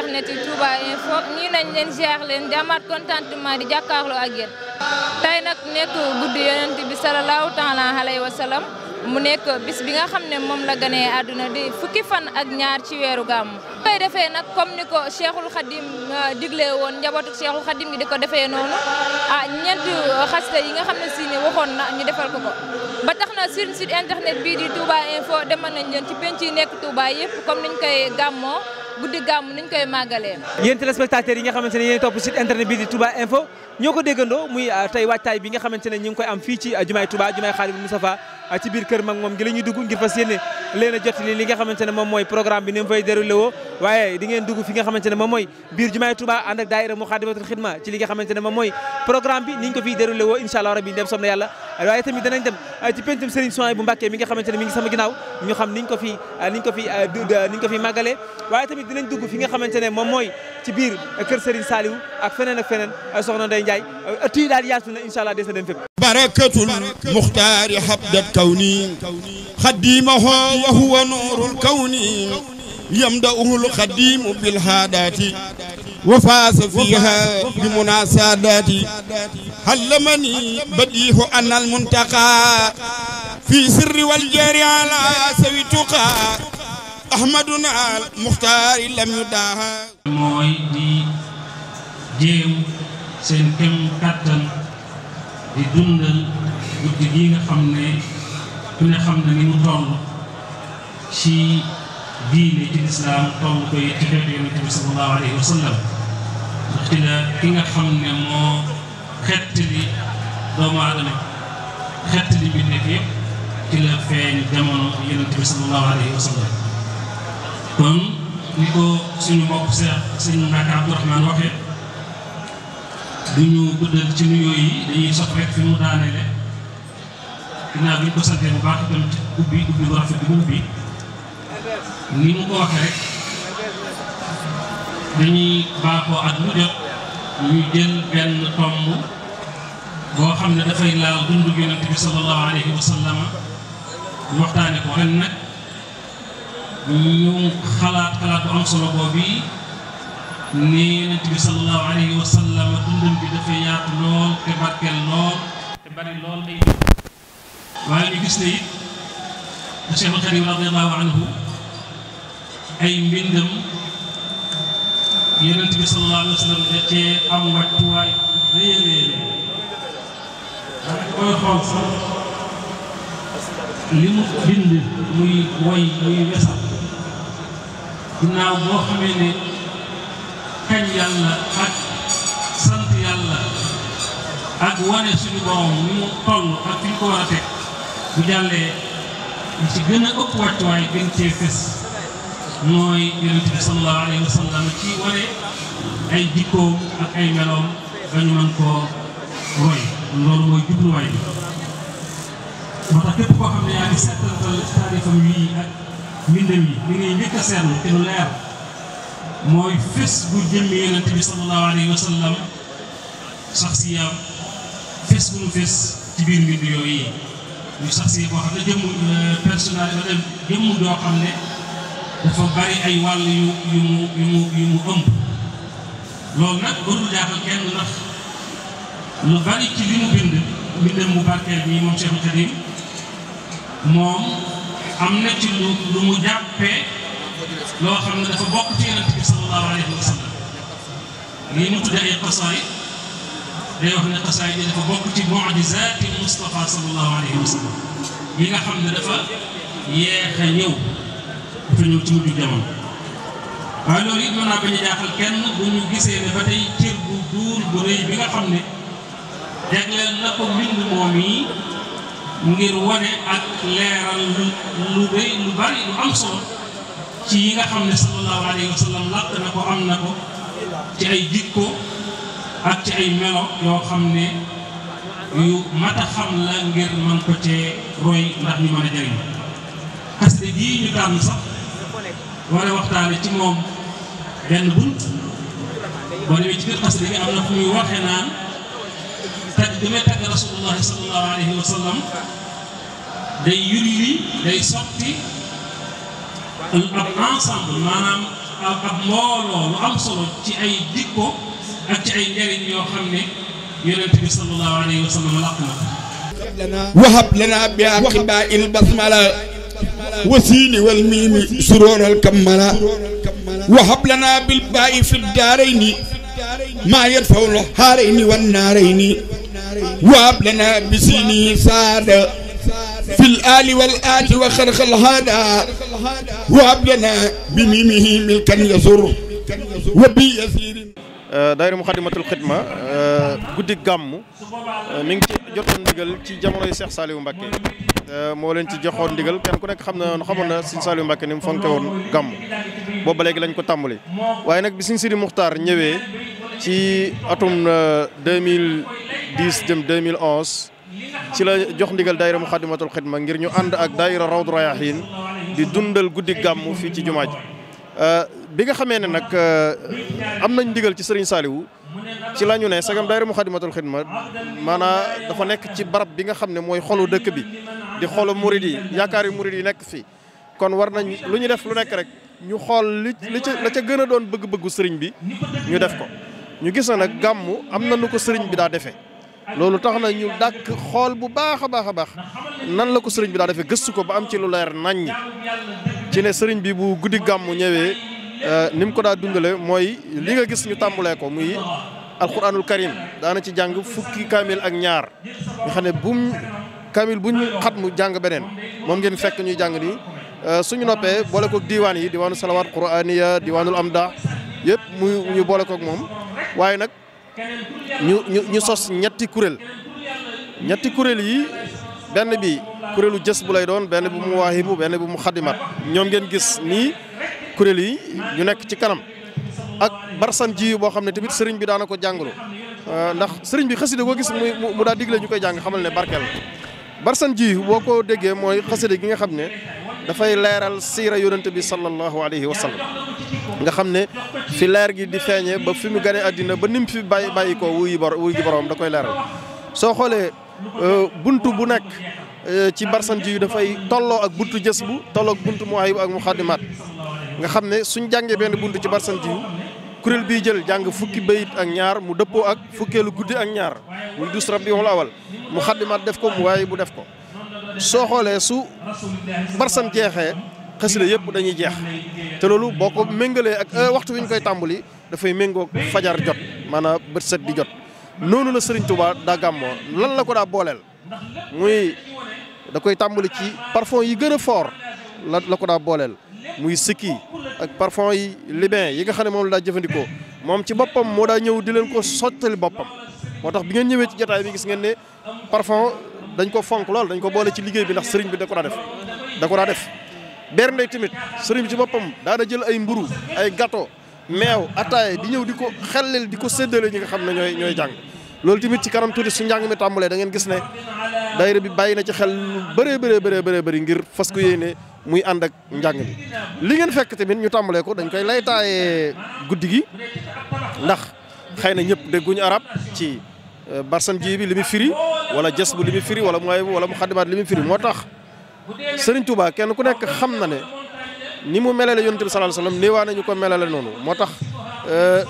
internet yi Touba Info ñii nañ leen ziar leen di amaat contentement di jàkkaarloo ak yéen tey nag nekk guddi yonent bi salallaahu taala alayhi wa mu nekk bis bi nga xam ne moom la ganee àdduna di fukki fan ak ñaar ci weeru gàmmu koy defee nag comme ni ko Cheikhul Khadim euh, digle woon njabootu Cheikhul Khadim gi di ko defee noonu ah ñeent xasida yi nga xam ne si ne waxoon na ñu defal ko ko ba tax na sur site internet bii di Touba Info demal nañ leen ci penc yi nekk Touba yëpp comme niñ koy gàmmoo guddi gàmm niñ koy màggalee. yéen téléspectateurs yi nga xamante ne yéen topp site internet bi di Touba Info ñoo ko déggandoo muy euh, tey waajtaay bi nga xamante ne ñu ngi koy am fii ci euh, jumaay Touba jumaay Xaadimu Mustafaa ci biir kër mag moom gi la ñuy dugg ngir fas yéene leen a jottali li nga xamante ne moom mooy programme bi ni mu fay déroulé woo waaye di ngeen dugg fi nga xamante ne moom mooy biir jumaay Touba ànd ak daayira Muxaddamatul Xidma ci bi ni ko fiy déroulé woo incha allah rabbi dem sob na yàlla waaye tamit danañ dem ah, ci pentum Serigne Soy bu Mbàkke mi nga xamante ne mi ngi sama ginnaaw ñu xam niñ ko fi ah, niñ ah, waaye tamit dinañ dugg fi nga xamante ne moom mooy ci biir kër Serigne Saliou ak feneen بركة المختار حبدت كوني خديمه وهو نور الكون يمدأه الخديم بالهادات وفاز فيها بمناسبات علمني بديه أن المنتقى في سر والجار على سوي تقى أحمدنا المختار لم يداها mooy di jéem seen kem kattan di dundal guddi gi nga xam ne ku ne xam na ni mu toll ci diine ci lislaam toll ko it ci xeetu yonent bi sallallahu alayhi wa sallam ndax ci la ki nga xam ne moo xettali doomu aadama xettali bi nekk yëpp ci la feeñ jamono yonent bi sallallahu alayhi wa sallam kon ni ko du ñu guddal ci nuyoo yi dañuy sox rek fi mu daaneele ginnaaw bi ñu ko santee bu baax itam ubbi ubbi bu rafet bi mu ubbi ni mu ko waxee rek dañuy baaxoo mu jot ñu jël benn tomb boo xam ne dafay laal dundu yonent bi sallallahu alayhi wa sallam ñu waxtaane ko ren nag ñu xalaat xalaat bu am solo ni yonent bi sallallahu alayhi wa sallam dundam bi dafa yaatu lool te barkeel lool te bari lool ay waaye ñu gis ne it da Cheikh al Xadim radiallahu anhu ay mbindam yonent bi sallallahu alayhi wa sallam da cee am wàccuwaay rëy a rëy waaye koy xool sax li mu bind muy woy muy wesal ginnaaw boo xamee ne kañ yàlla ak sant yàlla ak wane suñu borom mu toll ak fi ñu ko war teg bu jàllee li ci gën a ëpp wàccuwaay gën cee fes mooy yonent bi sallallahu alayhi wa sallam ci wane ay jikkoom ak ay meloom ba ñu mën koo roy loolu mooy jubluwaay bi moo tax xam ne yaa ngi seetantal taarifam ak mbindam yi li ngay njëkk a te lu leer mooy fes bu jëmm yonent bi sallallahu sax si yaam bu mu fes ci biir mbind yi ñu sax si boo xam ne jëmm euh, personnage jëmm doo xam ne dafa bari ay wàll yu yu mu yu mu yu mu ëmb loolu nag warul jaaxal kenn ndax lu bari ci li mu bind mbindam mu barkeel bi moom Cheikh Karim moom am na ci lu lu mu jàppee loo xam ne dafa bokk ci yonent bi sallallahu alayhi wa sallam lii mu tuddee ay xasaayid day wax ne xasaayid yi dafa bokk ci mujizaati Mustafa sallallahu alayhi wa sallam yi nga xam ne dafa yeex a ñëw dafa ñëw ci mujj jamono waaye loolu it mën naa bañ a jaaxal kenn bu ñu gisee ne ba tey cër bu duur bu rëy bi nga xam ne jagleel na ko mbind moom yi ngir wane ak leeral lu lu rëy lu bari lu am solo. ci yi nga xam ne sallallahu na ko am na ko ci ay jikko ak ci ay melo yoo xam ne yu mat a xam la ngir man ko cee roy ndax ñu mën a jëriñ xasida jii ñu tànn sax war a ci moom benn bunt boo demee ci biir xasida gi am na fu muy waxee naan tag bi may tagg rasulullahi sallallahu day yulli day sotti ab ensemble maanaam ab mbooloo lu am solo ci ay jikko ak ci ay njëriñ yoo xam ne yonent bi sallallahu alayhi wa sallam làq na wahab lana bi aqibaa il basmala wasiini wal miimi suróoral kammala wahab lana bil baa'i fi daarayni maa yadfaw lo xaarayni wan naarayni wahab lana bisiini saada fi l aali wal aati wa xarxal haada وهب لنا بميمه ملكا يسر وبي يسير daayira Muxaddamatul Xidma euh, guddi gàmm euh, mi ngi ci jotoon ndigal ci jamonoy Cheikh Saliou Mbacké euh, moo leen ci joxoon ndigal kenn ku nekk xam na xamoon na Sëriñ Saliou Mbacké ni mu fonke woon gàmm boobu léegi lañ ko tàmbali waaye nag bi Sëriñ Sidi Muxtaar ñëwee ci atum 2010 jëm 2011 ci la jox ndigal daayira Muxaddamatul Xidma ngir ñu ànd ak daayira Rawdu Rayaahiin di dundal guddi gàmmu fii ci jumaa ji euh, bi nga xamee ne nag euh, am nañ ndigal ci Serigne Saliou ci la ñu ne sagam daayira Muxaddamatul Xidma maanaa dafa nekk ci barab bi nga xam ne mooy xolu dëkk bi di xolu murid yi yaakaar yi murid yi nekk fii kon war nañ lu ñu def lu nekk rek ñu xool li li ca la ca gën a doon bëgg-bëggu sëriñ bi ñu def ko ñu gis na nag gàmm am na nu ko sëriñ bi daa defee loolu tax na ñu dàkk xool bu baax a baax a baax nan la ko sëriñ bi daa defee gëstu ko ba am ci lu leer ñi ci ne sëriñ bi bu guddi gàmmu ñëwee euh, ni mu ko daa dundale mooy li nga gis ñu tàmbalee ko muy alquranul karim daana ci jàng fukki kaamil ak ñaar nga xam ne bum kaamil buñ xat mu jàng beneen moom ngeen fekk ñuy jàng nii euh, suñu noppee boole kook diiwaan yi diwaanu salawaat quraaniya am amda yëpp mu ñu boole kook moom waaye nag ñu ñu sos ñetti kuréel ñetti kuréel yi benn bi kuréelu jës bu lay doon benn bu mu bu benn bu mu xadimat ñoom ngeen gis nii kuréel yi ñu nekk ci kanam ak barsan jii boo xam ne tamit sëriñ bi daana ko jàngalu euh, ndax sëriñ bi xasida koo gis mu mu daa digle ñu koy jàng xamal ne barkeel barsan ji boo ko déggee mooy xasida gi nga xam ne dafay leeral siira yonent bi sallallahu alayhi wa sallam nga xam ne fi leer gi di feeñee ba fi mu gane àddina ba nim fi bàyyi bàyyi ko wuy bor wuy ji borom da koy leeral soo xoolee euh, bunt bu nekk euh, ci barsan ji dafay tolloo ak bunt jës bu tolloo ak buntu muwaayib ak mu muxaddimaat nga xam ne suñ jàngee benn buntu ci barsan ji kuréel bii jël jàng fukki bayit ak ñaar mu dëppoo ak fukkeelu guddi ak ñaar muy dus rab awal mu xaddimaat def ko mu waaye bu def ko soo xoolee su barsan jeexee xasida yëpp dañuy jeex te loolu boo ko méngalee ak euh, waxtu wi ñu koy tàmbali dafay méngoo fajar jot maanaam bët set di jot noonu la Serigne Touba daa gàmmoo lan la ko daa booleel muy da koy tàmbali ci parfum yi gën a fort la ko daa booleel muy sikki ak parfon yi libin yi nga xam ne moom la daa jëfandikoo moom ci boppam moo daa ñëw di leen ko sottali boppam moo tax bi ngeen ñëwee ci jotaay bi gis ngeen ne parfum dañ ko fonk lool dañ ko boole ci liggéey bi ndax sëriñ bi da ko def da ko daa def bernde tamit sëriñ bi ci boppam daana jël ay mburu ay gâteau meew ataaya di ñëw di ko xel xellel di ko séddale ñi nga xam ne ñooy ñooy jàng loolu timit ci kanam tuuti su njàng mi tàmbalee da gis ne daayira bi bàyyi na ci xel lu bëree bëree bëree bëri ngir fas ko yéene muy ànd ak njàng bi li ngeen fekk tamit ñu tàmbalee ko dañ koy laytaayee guddi gi ndax xëy na ñëpp dégguñu arab ci Euh, barsan jii bi li mu firi wala jas bu li mu firi wala mooy wala mu xaddimaat li mu firi moo tax Sëriñ Tuubaa kenn ku nekk xam na ne ni mu melale yonent bi sallallahu alayhi wasallam néewaa nañu ko melale noonu moo tax euh,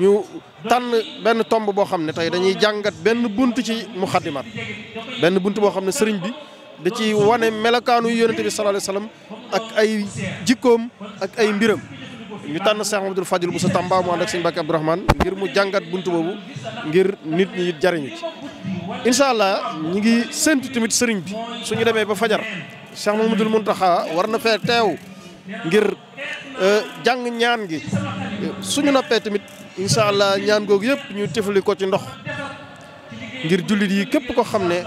ñu tann benn tomb boo xam ne tey dañuy jàngat benn bunt ci mu xaddimaat benn bunt boo xam ne sëriñ bi da ci wane melokaanu yonent bi sallallahu alayhi ak ay jikkoom ak ay mbiram ñu tànn Cheikh Mamadou Fadil bu sa Tamba mu ànd ak sëñ Mbàkke Abdourahmane ngir mu jàngat bunt boobu ngir nit ñi jariñu ci incha allah ñi ngi séntu tamit sëriñ bi suñu demee ba fajar Cheikh mun Mountakha war na fee teew ngir euh, jàng ñaan gi suñu noppee tamit insha allah ñaan googu yëpp ñu tefali ci ndox ngir jullit yi képp ko xam ne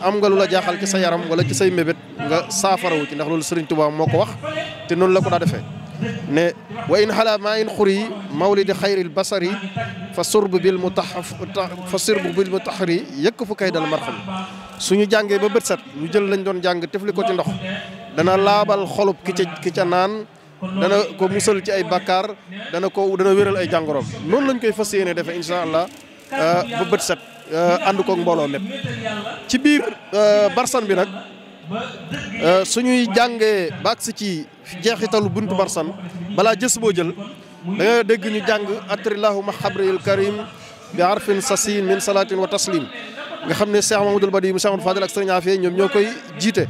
am nga lu la jaaxal ci sa yaram wala ci say mébét nga saafarawu ci ndax loolu Serigne Touba moo ko wax te noonu la ko daa defee ne wa in xalaa maa in xuri mawlidi xayril basari fa surb bil mu tax fa surb bil mu taxari yëkk fu kay dal marxam suñu jàngee ba bët set ñu jël lañ doon jàng tefli ko ci ndox dana laabal xolub ki ca naan dana ko musal ci ay bakkaar dana ko dana wéral ay jàngoroom noonu lañ koy fas yéene defee incha allah euh, ba bët set euh, ànd koog mbooloo mépp ci biir euh, barsan bi nag suñuy jàngee baax si ci jeexitalu buntu barsan balaa jës boo jël da dégg ñu jàng atrilahuma xabril karim bi arfin sasin min salatin wa taslim nga xam ne Cheikh Mamadou Badi mu Cheikh Mamadou Fadel ak Serigne Afia ñoom ñoo koy jiite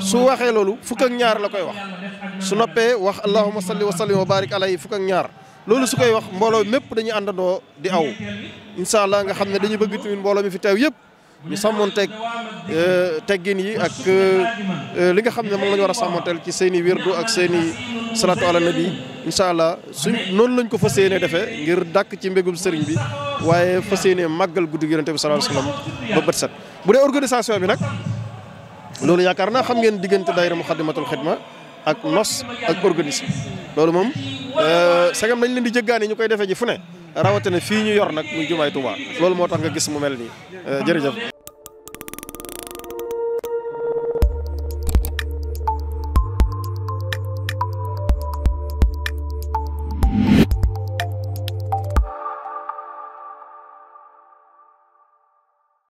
su waxee loolu fukk ak ñaar la koy wax su noppee wax allahuma salli wa sallim wa barik alayhi fukk ak ñaar loolu su koy wax mbooloo mépp dañuy àndandoo di aw incha allah nga xam ne dañu bëgg tamit mbooloo mi fi teew yëpp ñu sàmmonteeg euh, teggin yi ak euh, li nga xam ne moom la ñu war a sàmmonteel ci seen i wirdu ak seen i salaatu na nabi incha allah su noonu lañ ko fas yéene defee ngir dàkk ci mbégum sëriñ bi waaye fas yéene màggal guddi yonente bi sallallahu alayhi wasallam ba bët set bu dee organisation bi nag loolu yaakaar naa xam ngeen diggante daayira Muxaddamatul Xidma ak nos ak organisme loolu moom euh, sagam nañ leen di jëggaani ñu koy defee ji fu ne rawatina fii ñu yor nag muy loolu moo tax nga gis mu mel nii jërëjëf